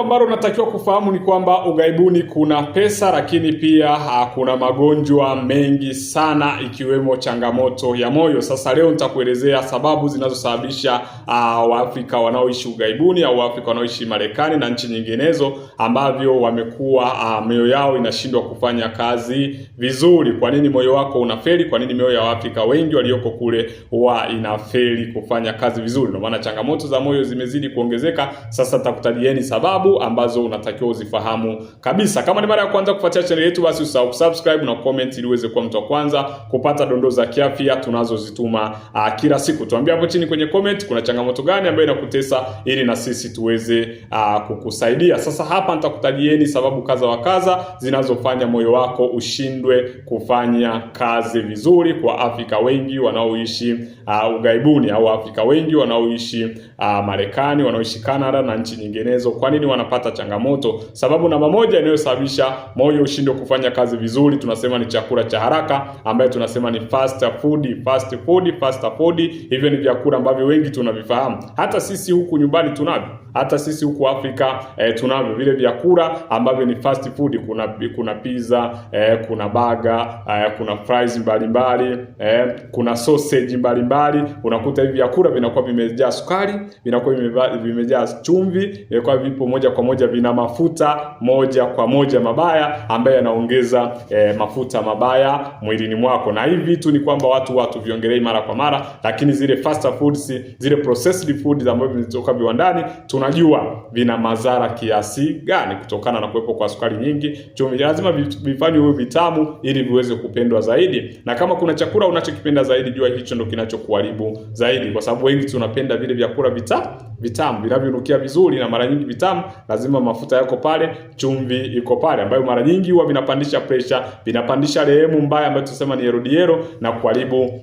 ambalo unatakiwa kufahamu ni kwamba ughaibuni kuna pesa, lakini pia ah, kuna magonjwa mengi sana, ikiwemo changamoto ya moyo. Sasa leo nitakuelezea sababu zinazosababisha uh, Waafrika wanaoishi ughaibuni au Waafrika wanaoishi Marekani na nchi nyinginezo ambavyo wamekuwa uh, mioyo yao inashindwa kufanya kazi vizuri. Kwa nini moyo wako unafeli? Kwa nini mioyo ya Waafrika wengi walioko kule huwa inafeli kufanya kazi vizuri? Ndio maana changamoto za moyo zimezidi kuongezeka. Sasa nitakutajieni sababu sababu ambazo unatakiwa uzifahamu kabisa. Kama ni mara ya kwanza kufuatia channel yetu, basi usahau subscribe na comment ili uweze kuwa mtu wa kwanza kupata dondoo za kiafya tunazozituma uh, kila siku. Tuambie hapo chini kwenye comment kuna changamoto gani ambayo inakutesa ili na sisi tuweze uh, kukusaidia. Sasa hapa nitakutajieni sababu kadha wa kadha zinazofanya moyo wako ushindwe kufanya kazi vizuri kwa Afrika wengi wanaoishi uh, ah, ugaibuni au Afrika wengi wanaoishi uh, Marekani, wanaoishi Canada na nchi nyinginezo. Kwa nini wanapata changamoto. Sababu namba moja inayosababisha moyo ushindwe kufanya kazi vizuri, tunasema ni chakula cha haraka, ambayo tunasema ni fast food, fast food, fast food. Hivyo ni vyakula ambavyo wengi tunavifahamu, hata sisi huku nyumbani tunavyo hata sisi huku Afrika e, tunavyo vile vyakula ambavyo ni fast food. Kuna kuna pizza e, kuna baga e, eh, kuna fries mbalimbali e, kuna sausage mbalimbali. Unakuta hivi vyakula vinakuwa vimejaa sukari, vinakuwa vimejaa chumvi, vinakuwa vipo moja kwa moja, vina mafuta moja kwa moja mabaya ambayo yanaongeza e, mafuta mabaya mwilini mwako, na hivi vitu ni kwamba watu watu viongelei mara kwa mara, lakini zile fast foods, zile processed foods ambavyo vinatoka viwandani tu tunajua vina madhara kiasi gani kutokana na kuwepo kwa sukari nyingi. Chumvi lazima vifanywe huwe vitamu ili viweze kupendwa zaidi, na kama kuna chakula unachokipenda zaidi, jua hicho ndo kinachokuharibu zaidi, kwa sababu wengi tunapenda vile vyakula vita vitamu vinavyonukia vizuri, na mara nyingi vitamu lazima mafuta yako pale, chumvi iko pale, ambayo mara nyingi huwa vinapandisha presha, vinapandisha rehemu mbaya ambayo tunasema ni erodiero na kuharibu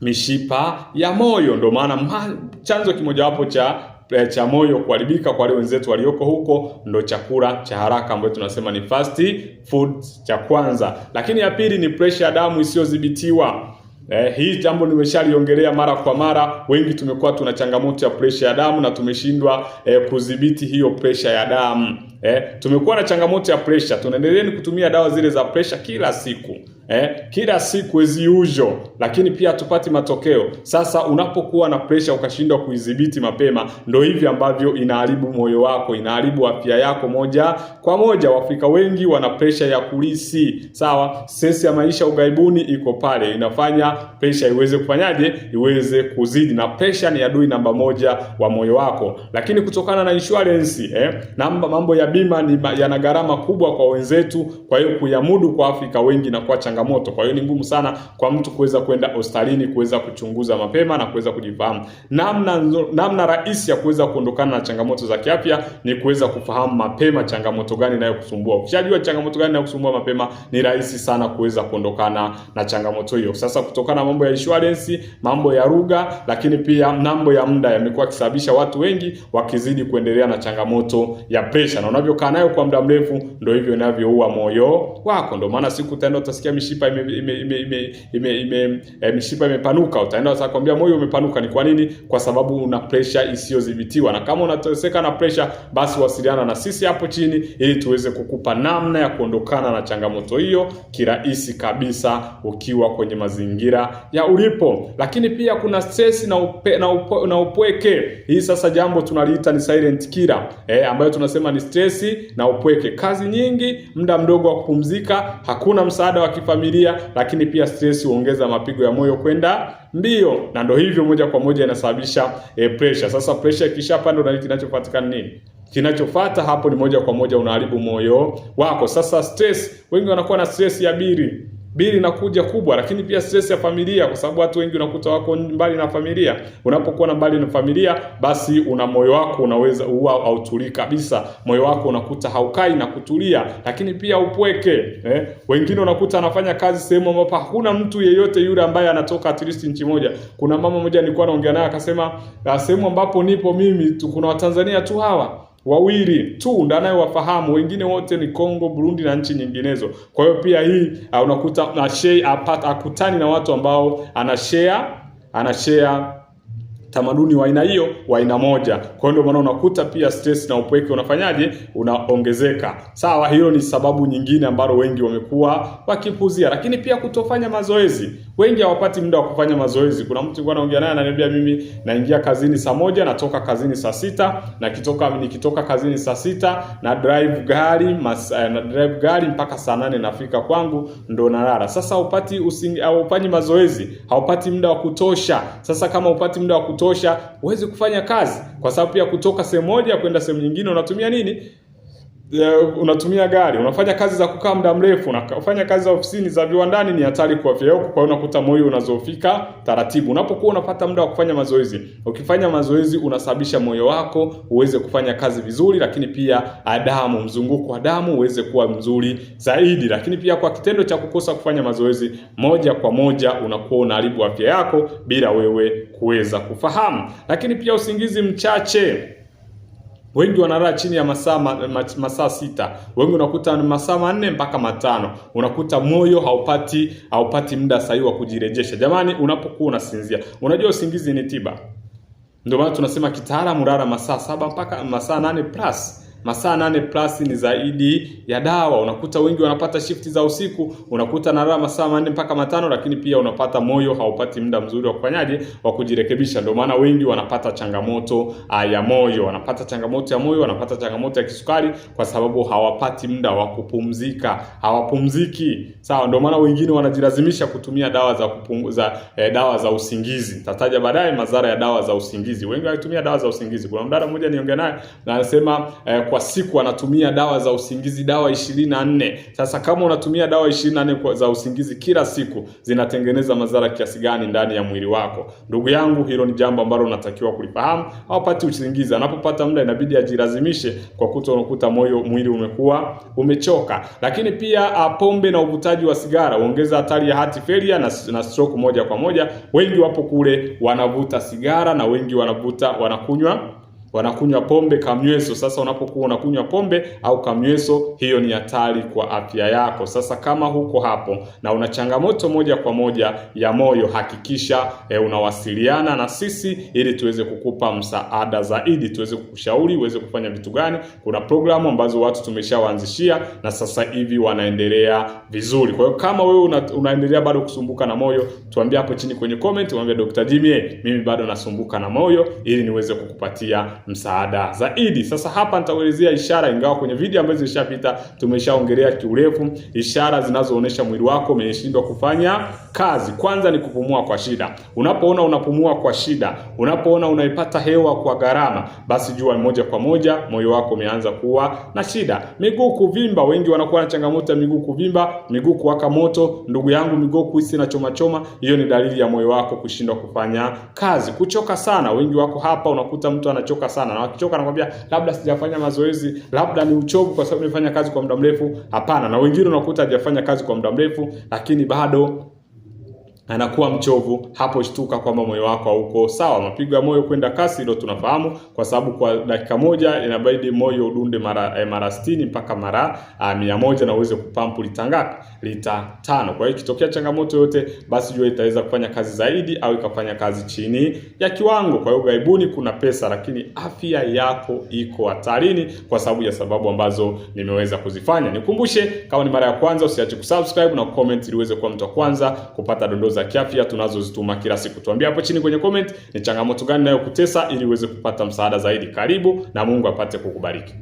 mishipa ya moyo. Ndio maana chanzo kimojawapo cha Eh, cha moyo kuharibika kwa wale wenzetu walioko huko, ndo chakula cha haraka ambayo tunasema ni fast food cha kwanza. Lakini ya pili ni pressure ya damu isiyodhibitiwa. Eh, hii jambo nimeshaliongelea mara kwa mara. Wengi tumekuwa tuna changamoto ya pressure ya damu na tumeshindwa eh, kudhibiti hiyo presha ya damu eh, tumekuwa na changamoto ya presha. Tunaendeleeni kutumia dawa zile za pressure kila siku. Eh, kila siku as usual, lakini pia tupati matokeo. Sasa unapokuwa na pressure ukashindwa kuidhibiti mapema, ndo hivi ambavyo inaharibu moyo wako, inaharibu afya yako moja kwa moja. Waafrika wengi wana pressure ya kulisi, sawa. Sensi ya maisha ugaibuni iko pale, inafanya pressure iweze kufanyaje, iweze kuzidi, na pressure ni adui namba moja wa moyo wako. Lakini kutokana na insurance eh, na mambo ya bima ni yana gharama kubwa kwa wenzetu, kwa hiyo kuyamudu kwa Afrika wengi na kwa changa changamoto. Kwa hiyo ni ngumu sana kwa mtu kuweza kwenda hospitalini kuweza kuchunguza mapema na kuweza kujifahamu. Namna namna rahisi ya kuweza kuondokana na changamoto za kiafya ni kuweza kufahamu mapema changamoto gani inayokusumbua. Ukishajua changamoto gani inayokusumbua mapema, ni rahisi sana kuweza kuondokana na changamoto hiyo. Sasa kutokana na mambo ya insurance, mambo ya lugha, lakini pia mambo ya muda yamekuwa kisababisha watu wengi wakizidi kuendelea na changamoto ya presha, na unavyokaa nayo kwa muda mrefu, ndio hivyo inavyoua moyo wako. Ndio maana siku utaenda utasikia mishipa ime, ime, ime, ime, ime, ime e, mishipa imepanuka, utaenda watakwambia moyo umepanuka. Ni kwa nini? Kwa sababu una pressure isiyodhibitiwa. Na kama unateseka na pressure, basi wasiliana na sisi hapo chini ili tuweze kukupa namna ya kuondokana na changamoto hiyo kirahisi kabisa ukiwa kwenye mazingira ya ulipo. Lakini pia kuna stress na upe, na, upo, na upweke. Hii sasa jambo tunaliita ni silent killer eh, ambayo tunasema ni stress na upweke. Kazi nyingi, muda mdogo wa kupumzika, hakuna msaada wa kifa familia, lakini pia stress huongeza mapigo ya moyo kwenda mbio, na ndio hivyo moja kwa moja inasababisha e, pressure. Sasa pressure ikishapanda, ndio kinachopatikana nini? Kinachofata hapo ni moja kwa moja unaharibu moyo wako. Sasa stress, wengi wanakuwa na stress ya biri bili inakuja kubwa, lakini pia stress ya familia, kwa sababu watu wengi unakuta wako mbali na familia. Unapokuwa na mbali na familia, basi una moyo wako unaweza huwa hautulii kabisa, moyo wako unakuta haukai na kutulia, lakini pia upweke eh. Wengine unakuta anafanya kazi sehemu ambapo hakuna mtu yeyote yule ambaye anatoka at least nchi moja. Kuna mama mmoja nilikuwa naongea naye akasema, ah, sehemu ambapo nipo mimi tu kuna Watanzania tu hawa wawili tu ndio anayewafahamu, wengine wote ni Kongo, Burundi na nchi nyinginezo. Kwa hiyo pia hii uh, unakuta na share apart akutani na watu ambao ana share ana share tamaduni wa aina hiyo wa aina moja. Kwa hiyo ndio maana unakuta pia stress na upweke unafanyaje, unaongezeka. Sawa, hiyo ni sababu nyingine ambalo wengi wamekuwa wakipuzia, lakini pia kutofanya mazoezi Wengi hawapati muda wa kufanya mazoezi. Kuna mtu nilikuwa naongea naye ananiambia, mimi naingia kazini saa moja, natoka kazini saa sita, na kitoka nikitoka kazini saa sita na drive gari mas, eh, na drive gari mpaka saa nane nafika kwangu ndo nalala. Sasa haupati usingi, haufanyi mazoezi, haupati muda wa kutosha. Sasa kama upati muda wa kutosha, huwezi kufanya kazi, kwa sababu pia kutoka sehemu moja kwenda sehemu nyingine unatumia nini? unatumia gari, unafanya kazi za kukaa muda mrefu, unafanya kazi za ofisini, za viwandani, ni hatari kwa afya yako. Kwa hiyo unakuta moyo unazofika taratibu. Unapokuwa unapata muda wa kufanya mazoezi, ukifanya mazoezi unasababisha moyo wako uweze kufanya kazi vizuri, lakini pia damu, mzunguko wa damu uweze kuwa mzuri zaidi. Lakini pia kwa kitendo cha kukosa kufanya mazoezi, moja kwa moja unakuwa unaharibu afya yako bila wewe kuweza kufahamu. Lakini pia usingizi mchache Wengi wanalala chini ya masaa masaa sita, wengi unakuta ni masaa manne mpaka matano. Unakuta moyo haupati haupati muda sahihi wa kujirejesha. Jamani, unapokuwa unasinzia, unajua usingizi ni tiba. Ndio maana tunasema kitaalamu, lala masaa saba mpaka masaa nane plus masaa nane plus ni zaidi ya dawa. Unakuta wengi wanapata shifti za usiku, unakuta nalala masaa manne mpaka matano, lakini pia unapata moyo haupati muda mzuri wa kufanyaje, wa kujirekebisha. Ndio maana wengi wanapata changamoto ah, ya moyo, wanapata changamoto ya moyo, wanapata changamoto ya kisukari, kwa sababu hawapati muda wa kupumzika, hawapumziki. Sawa, ndio maana wengine wanajilazimisha kutumia dawa za kupunguza eh, dawa za usingizi. Tataja baadaye madhara ya dawa za usingizi. Wengi wanatumia dawa za usingizi. Kuna mdada mmoja niongea naye na anasema eh, kwa siku anatumia dawa za usingizi, dawa ishirini na nne. Sasa kama unatumia dawa ishirini na nne za usingizi kila siku, zinatengeneza madhara kiasi gani ndani ya mwili wako? Ndugu yangu, hilo ni jambo ambalo unatakiwa kulifahamu. Hawapati usingizi, anapopata muda inabidi ajilazimishe, kwa kuto unakuta moyo mwili umekuwa umechoka. Lakini pia ah, pombe na uvutaji wa sigara huongeza hatari ya heart failure na, na stroke moja kwa moja. Wengi wapo kule wanavuta sigara na wengi wanavuta wanakunywa wanakunywa pombe kamnyweso. Sasa unapokuwa unakunywa pombe au kamnyweso, hiyo ni hatari kwa afya yako. Sasa kama huko hapo na una changamoto moja kwa moja ya moyo, hakikisha e, unawasiliana na sisi ili tuweze kukupa msaada zaidi, tuweze kukushauri uweze kufanya vitu gani. Kuna programu ambazo watu tumeshawaanzishia na sasa hivi wanaendelea vizuri. Kwa hiyo kama wewe una, unaendelea bado kusumbuka na moyo, tuambie hapo chini kwenye comment, umwambie Dr. Jimmy, mimi bado nasumbuka na moyo, ili niweze kukupatia msaada zaidi. Sasa hapa nitaelezea ishara, ingawa kwenye video ambazo zilishapita tumeshaongelea kiurefu ishara zinazoonyesha mwili wako umeshindwa kufanya kazi. Kwanza ni kupumua kwa shida. Unapoona unapumua kwa shida, unapoona unaipata hewa kwa gharama, basi jua moja kwa moja moyo wako umeanza kuwa na shida. Miguu kuvimba, wengi wanakuwa na changamoto ya miguu kuvimba, miguu kuwaka moto, ndugu yangu, miguu kuhisi na choma choma, hiyo ni dalili ya moyo wako kushindwa kufanya kazi. Kuchoka sana, wengi wako hapa, unakuta mtu anachoka sana, na wakichoka anakuambia labda sijafanya mazoezi, labda ni uchovu kwa sababu nimefanya kazi kwa muda mrefu. Hapana, na wengine unakuta hajafanya kazi kwa muda mrefu, lakini bado anakuwa mchovu, hapo shtuka kwamba moyo wako hauko sawa. Mapigo ya moyo kwenda kasi ndio tunafahamu, kwa sababu kwa dakika moja inabidi moyo udunde mara eh, mara 60 mpaka mara ah, mia moja na uweze kupampu lita ngapi? Lita tano. Kwa hiyo ikitokea changamoto yote, basi jua itaweza kufanya kazi zaidi au ikafanya kazi chini ya kiwango. Kwa hiyo gaibuni kuna pesa, lakini afya yako iko hatarini kwa sababu ya sababu ambazo nimeweza kuzifanya. Nikumbushe, kama ni mara ya kwanza, usiache kusubscribe na comment ili uweze kuwa mtu wa kwanza kupata dondoo za kiafya tunazozituma kila siku. Tuambie hapo chini kwenye comment ni changamoto gani inayokutesa ili uweze kupata msaada zaidi. Karibu na Mungu apate kukubariki.